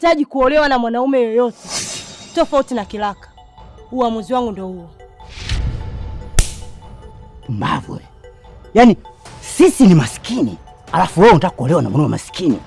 sihitaji kuolewa na mwanaume yoyote tofauti na Kilaka. Uamuzi wangu ndio huo. Mbavu, yaani sisi ni maskini, alafu wewe unataka kuolewa na mwanaume maskini?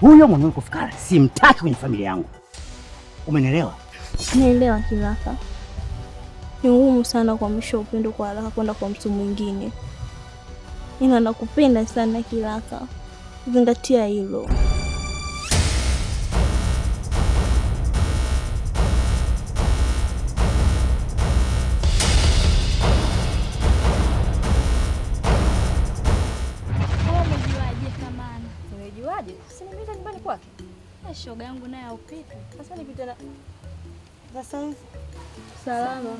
Huyo mwanaume kufikara simtaki kwenye familia yangu, umenielewa? Naelewa Kilaka, ni ngumu sana kuamisha upendo kwa haraka kwenda kwa mtu mwingine, ila nakupenda sana Kilaka, zingatia hilo. au pipi. Sasa nipite na sasa salama.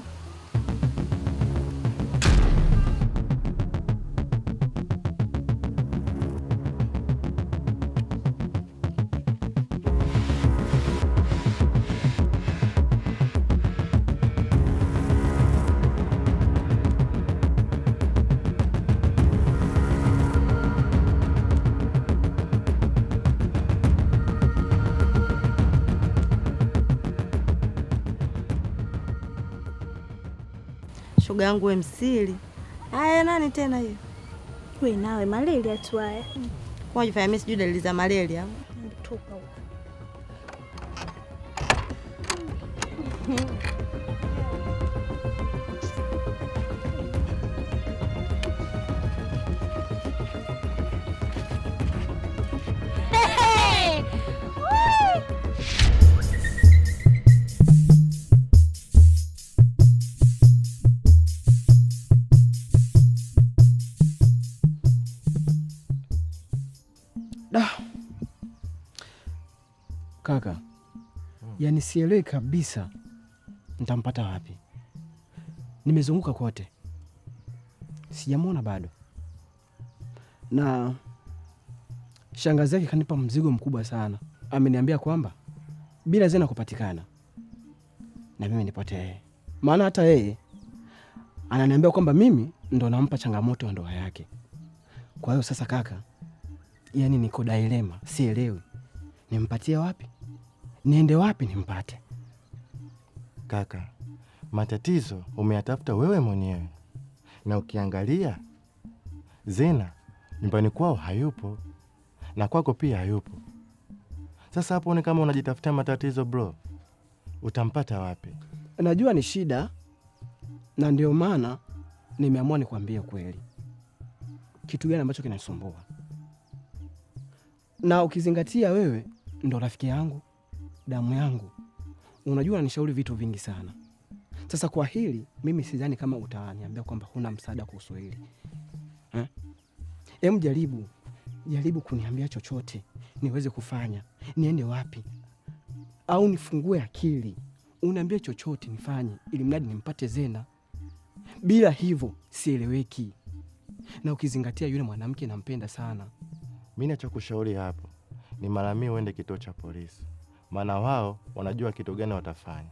shoga yangu we msili. Aya, nani tena hiyo? We nawe malaria tu haya. Unajifanya mimi sijui dalili za malaria. huko. kaka, hmm. yani sielewi kabisa nitampata wapi. Nimezunguka kote sijamwona bado, na shangazi yake kanipa mzigo mkubwa sana. Ameniambia kwamba bila Zena kupatikana na mimi nipotee, maana hata yeye ananiambia kwamba mimi ndo nampa changamoto ya ndoa yake. Kwa hiyo sasa, kaka, yani niko dilema, sielewi nimpatie wapi niende wapi nimpate? Kaka, matatizo umeyatafuta wewe mwenyewe, na ukiangalia Zena nyumbani kwao hayupo na kwako pia hayupo. Sasa hapo ni kama unajitafutia matatizo bro, utampata wapi? Najua ni shida, na ndio maana nimeamua nikwambie kweli kitu gani ambacho kinasumbua na ukizingatia wewe ndo rafiki yangu damu yangu, unajua nishauri vitu vingi sana. Sasa kwa hili mimi sidhani kama utaniambia kwamba huna msaada kuhusu hili. hem, eh? jaribu jaribu kuniambia chochote niweze kufanya, niende wapi au nifungue akili, uniambie chochote nifanye, ili mradi nimpate Zena. Bila hivyo sieleweki, na ukizingatia yule mwanamke nampenda sana. Mi nachokushauri hapo ni mara mia uende kituo cha polisi maana wao wanajua kitu gani watafanya.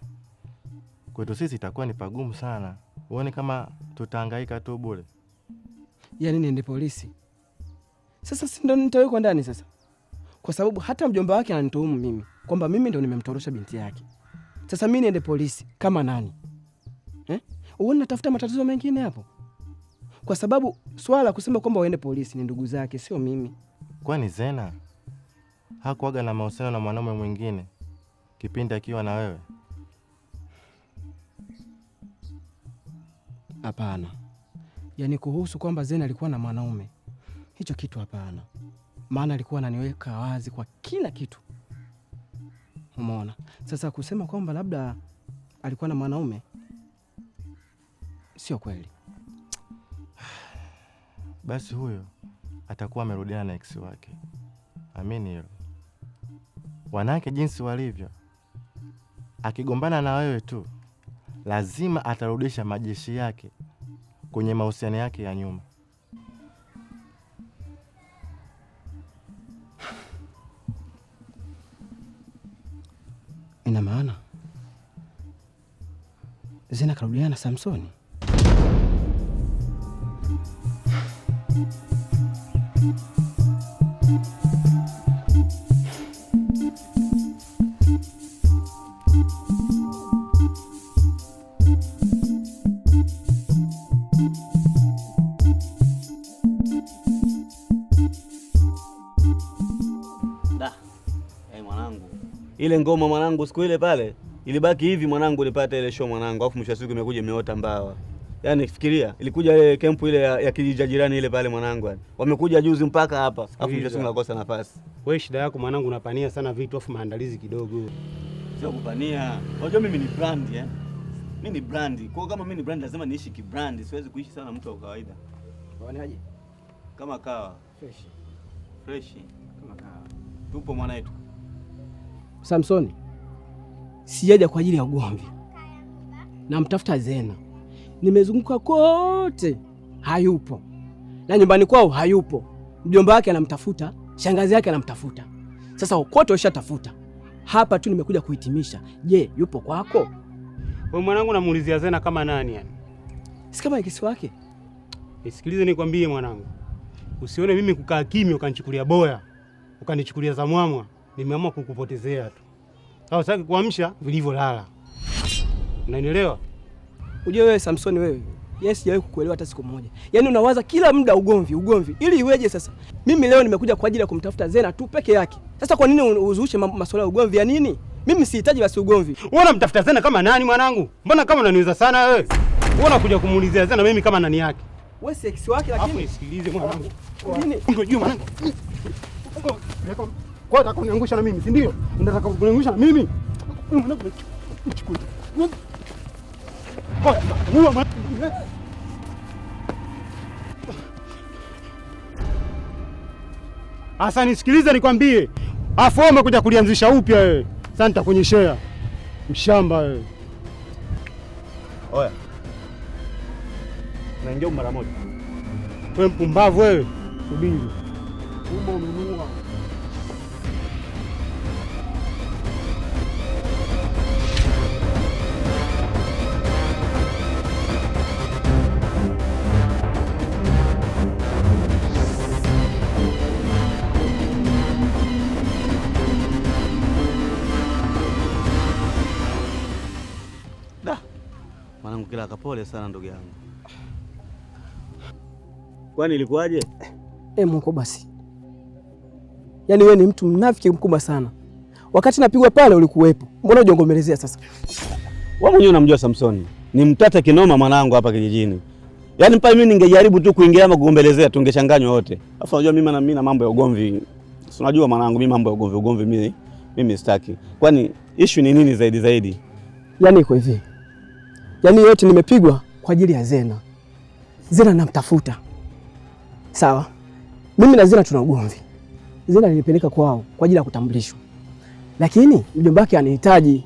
Kwetu sisi itakuwa ni pagumu sana, uone kama tutahangaika tu bure. Yaani niende polisi sasa, si ndo nitawekwa ndani sasa, kwa sababu hata mjomba wake ananituhumu mimi kwamba mimi ndo nimemtorosha binti yake. Sasa mi niende polisi kama nani eh? Uone natafuta matatizo mengine hapo, kwa sababu swala kusema kwamba waende polisi ni ndugu zake, sio mimi. Kwani Zena hakuwaga na mahusiano na mwanaume mwingine kipindi akiwa na wewe? Hapana. Yaani kuhusu kwamba Zena alikuwa na mwanaume, hicho kitu hapana, maana alikuwa ananiweka wazi kwa kila kitu. Umeona? Sasa kusema kwamba labda alikuwa na mwanaume sio kweli. Basi huyo atakuwa amerudiana na ex wake, amini hilo. Wanawake jinsi walivyo, akigombana na wewe tu lazima atarudisha majeshi yake kwenye mahusiano yake ya nyuma. Ina maana Zena karudiana na Samsoni. ile ngoma mwanangu, siku ile pale ilibaki hivi mwanangu, ulipata ile show mwanangu, afu mwisho wa siku imekuja imeota mbawa. Yaani fikiria, ilikuja ile kempu ile ya, ya kijiji jirani ile pale mwanangu, yani wamekuja juzi mpaka hapa, afu mwisho wa siku nakosa nafasi. Wewe shida yako mwanangu, unapania sana vitu, afu maandalizi kidogo sio kupania. Unajua mimi ni brand eh? Mimi ni brand. Kwa kama mimi ni brand lazima niishi kibrand, siwezi kuishi sana mtu wa kawaida. Unaonaje? Kama kawa fresh fresh, kama kawa tupo mwanaetu Samsoni, sijaja kwa ajili ya ugomvi, namtafuta Zena. Nimezunguka kote, hayupo, na nyumbani kwao hayupo. Mjomba wake anamtafuta, shangazi yake anamtafuta. Sasa ukote tafuta hapa tu nimekuja kuhitimisha. Je, yupo kwako? Wewe mwanangu, namuulizia Zena kama nani yani? Si kama ikisi wake. Nisikilize eh, nikwambie mwanangu, usione mimi kukaa kimya ukanichukulia boya ukanichukulia zamwamwa nimeamua kukupotezea tu, au sasa kuamsha vilivyolala, unanielewa? Unajua wewe Samsoni, wewe yes, yaani sijawahi kukuelewa hata siku moja. Yaani unawaza kila muda ugomvi, ugomvi, ili iweje sasa? Mimi leo nimekuja kwa ajili ya kumtafuta Zena tu peke yake. Sasa kwa nini uzuishe masuala ya ugomvi ya nini? Mimi sihitaji basi ugomvi. Wewe unamtafuta Zena kama nani mwanangu? Mbona kama unaniuza sana wewe? Wewe unakuja kumuulizia Zena mimi kama nani yake? Wewe si wake lakini. Afu nisikilize mwanangu. Nini? Unajua mwanangu. Kwa hiyo utakuniangusha na mimi, si ndio? Unataka kuniangusha na mimi? Asa, nisikilize nikwambie. Afu umekuja kulianzisha upya wewe. Sasa nitakunyeshea. Mshamba wewe. Oya. Naingia mara moja. Wewe mpumbavu wewe. Subiri. Umo umenua. Kilaka, pole sana ndugu yangu. Kwani ilikuwaje? Eh, Mungu basi. Yaani wewe ni mtu mnafiki mkubwa sana. Wakati napigwa pale ulikuwepo, mbona hujongomelezea? Sasa wewe mwenyewe unamjua Samson. ni mtata kinoma mwanangu hapa kijijini. Yaani mpaka mimi ningejaribu tu kuingia ama kugombelezea tungechanganywa wote. Alafu unajua mimi na mimi na mambo ya ugomvi. Si unajua mwanangu mimi mambo ya ugomvi ugomvi mimi mimi sitaki. Kwani issue ni nini zaidi zaidi? Yaani iko hivi yaani yote nimepigwa kwa ajili ya Zena. Zena namtafuta, sawa. Mimi na Zena tuna ugomvi. Zena alinipeleka kwao kwa ajili ya kutambulishwa, lakini mjomba wake anihitaji.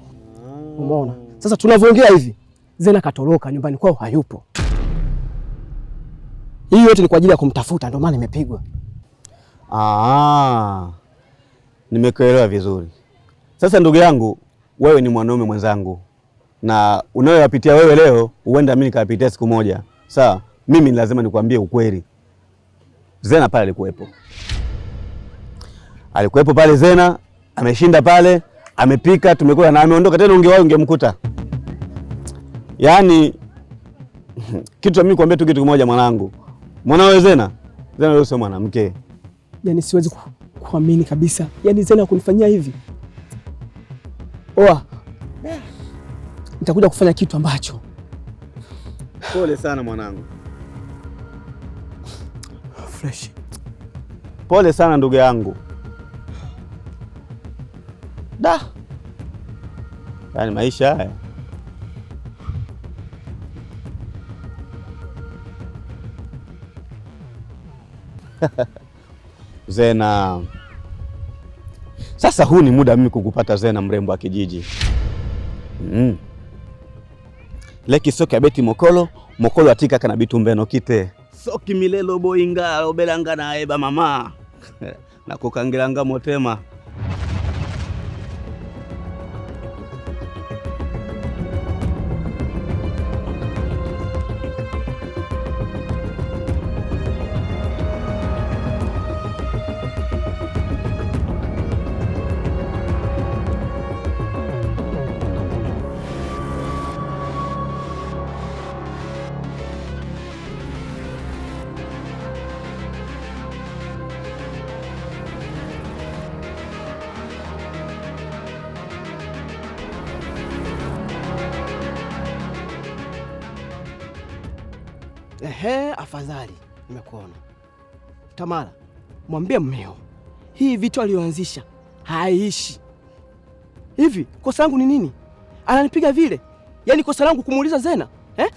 Umeona sasa tunavyoongea hivi, Zena katoroka nyumbani kwao, hayupo. Hii yote ni kwa ajili ya kumtafuta, ndio maana nimepigwa. Ah, nimekuelewa vizuri. Sasa ndugu yangu, wewe ni mwanaume mwenzangu na unayoyapitia wewe leo, huenda mimi nikayapitia siku moja. Sawa, mimi lazima nikwambie ukweli. Zena pale alikuwepo, alikuwepo pale. Zena ameshinda pale, amepika, tumekula na ameondoka tena. Ungewahi ungemkuta. Yaani kitu mimi kuambia tu kitu kimoja, mwanangu, mwanawe Zena, Zena leo sio mwanamke. Yaani siwezi kuamini kabisa, yaani Zena kunifanyia hivi. Oa nitakuja kufanya kitu ambacho. Pole sana mwanangu. Fresh. Pole sana ndugu yangu. Da, yaani maisha haya Zena, sasa huu ni muda mimi kukupata Zena, mrembo wa kijiji mm leki soki abeti mokolo mokolo atikaka na bitumbeno kite soki milelo boyinga obelanga na eba mama nakokangilanga motema afadhali nimekuona. Tamara, mwambie mmeo hii vitu aliyoanzisha haishi hivi. Kosa langu ni nini? Ananipiga vile? Yaani kosa langu kumuuliza Zena eh?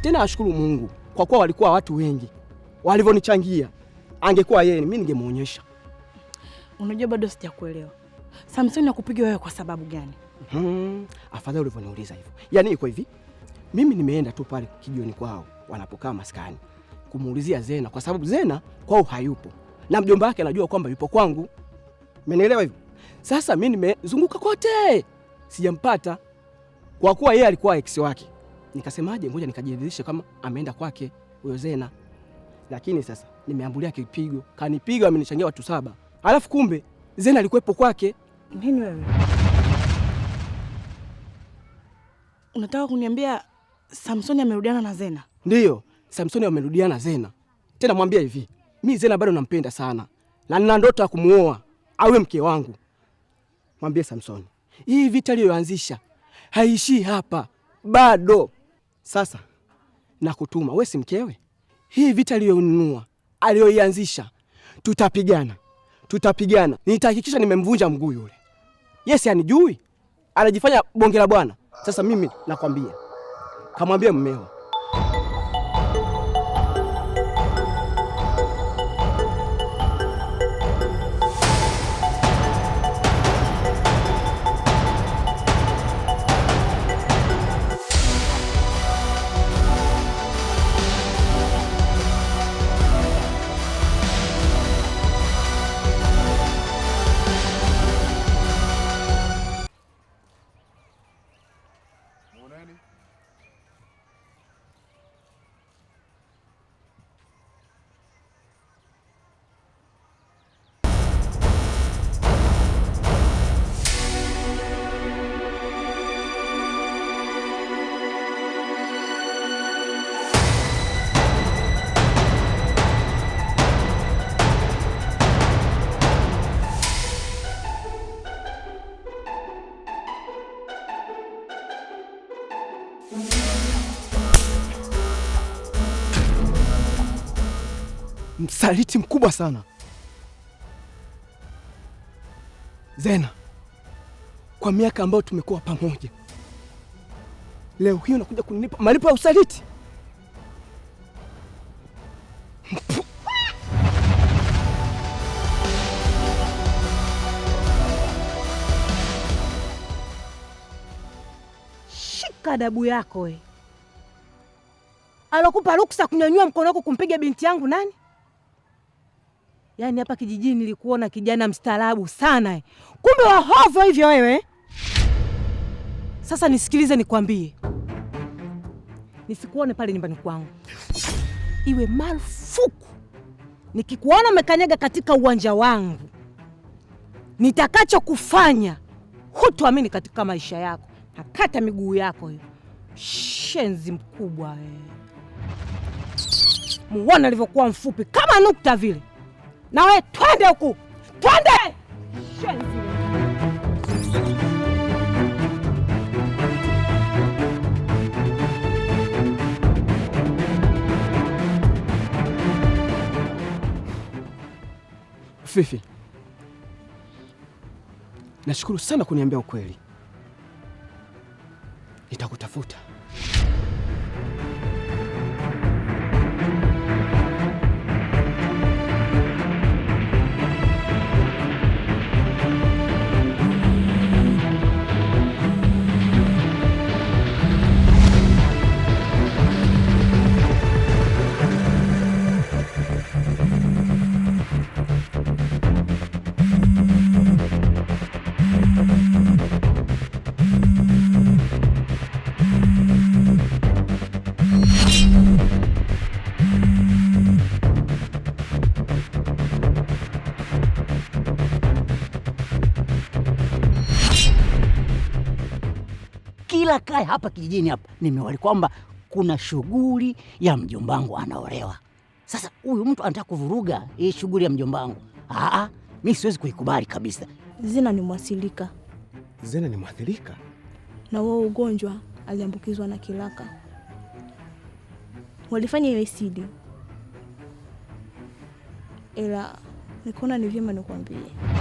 Tena ashukuru Mungu kwa kuwa walikuwa watu wengi walivyonichangia. Angekuwa yeye mimi ningemuonyesha. Unajua, bado sijakuelewa Samson akupiga wewe kwa sababu gani? Mm -hmm. Afadhali ulivyoniuliza hivyo. Yaani iko hivi, mimi nimeenda tu pale kijioni kwao wanapokaa maskani kumuulizia Zena, kwa sababu Zena kwao hayupo na mjomba wake anajua kwamba yupo kwangu. Umenielewa hivyo? Sasa mimi nimezunguka kote sijampata, kwa kuwa yeye alikuwa ex wake. Nikasemaje, ngoja nikajiridhisha kama ameenda kwake huyo Zena. Lakini sasa nimeambulia kipigo, kanipiga, amenichangia watu saba, alafu kumbe Zena alikuwepo kwake. Nini wewe unataka kuniambia Samsoni amerudiana na Zena? Ndiyo, Samsoni na Zena. Tena mwambia hivi, mi Zena bado nampenda sana na nina ndoto ya kumuoa awe mke wangu. Mwambie Samsoni hii vita aliyoanzisha haishii hapa bado. Sasa nakutuma wewe, si mkewe? Hii vita aliyonunua aliyoianzisha, tutapigana, tutapigana. Nitahakikisha nimemvunja mguu yule. Yesi anijui, anajifanya bonge la bwana. Sasa mimi nakwambia, kamwambie mmeo msaliti mkubwa sana. Zena, kwa miaka ambayo tumekuwa pamoja, leo hiyo nakuja kunipa malipo ya usaliti? Shika adabu yako we. Alokupa ruksa kunyanyua mkono wako kumpiga binti yangu nani? Yaani hapa kijijini nilikuona kijana mstaarabu sana, eh. kumbe wahovyo hivyo wewe. Sasa nisikilize, nikwambie, nisikuone pale nyumbani kwangu, iwe marufuku. Nikikuona umekanyaga katika uwanja wangu, nitakachokufanya hutuamini katika maisha yako. Nakata miguu yako hiyo, shenzi mkubwa wewe. Muone alivyokuwa mfupi kama nukta vile. Na we twende huku, twende shenzi. Fifi, nashukuru sana kuniambia ukweli, nitakutafuta. kila kaya hapa kijijini hapa nimewali kwamba kuna shughuli ya mjombangu anaolewa. Sasa huyu mtu anataka kuvuruga hii shughuli ya mjombangu. Aa, mi siwezi kuikubali kabisa. Zina ni mwathirika. Zina ni mwathirika na wao ugonjwa aliambukizwa na kiraka. Walifanya hiyo sidi, ila nikaona ni vyema nikwambie.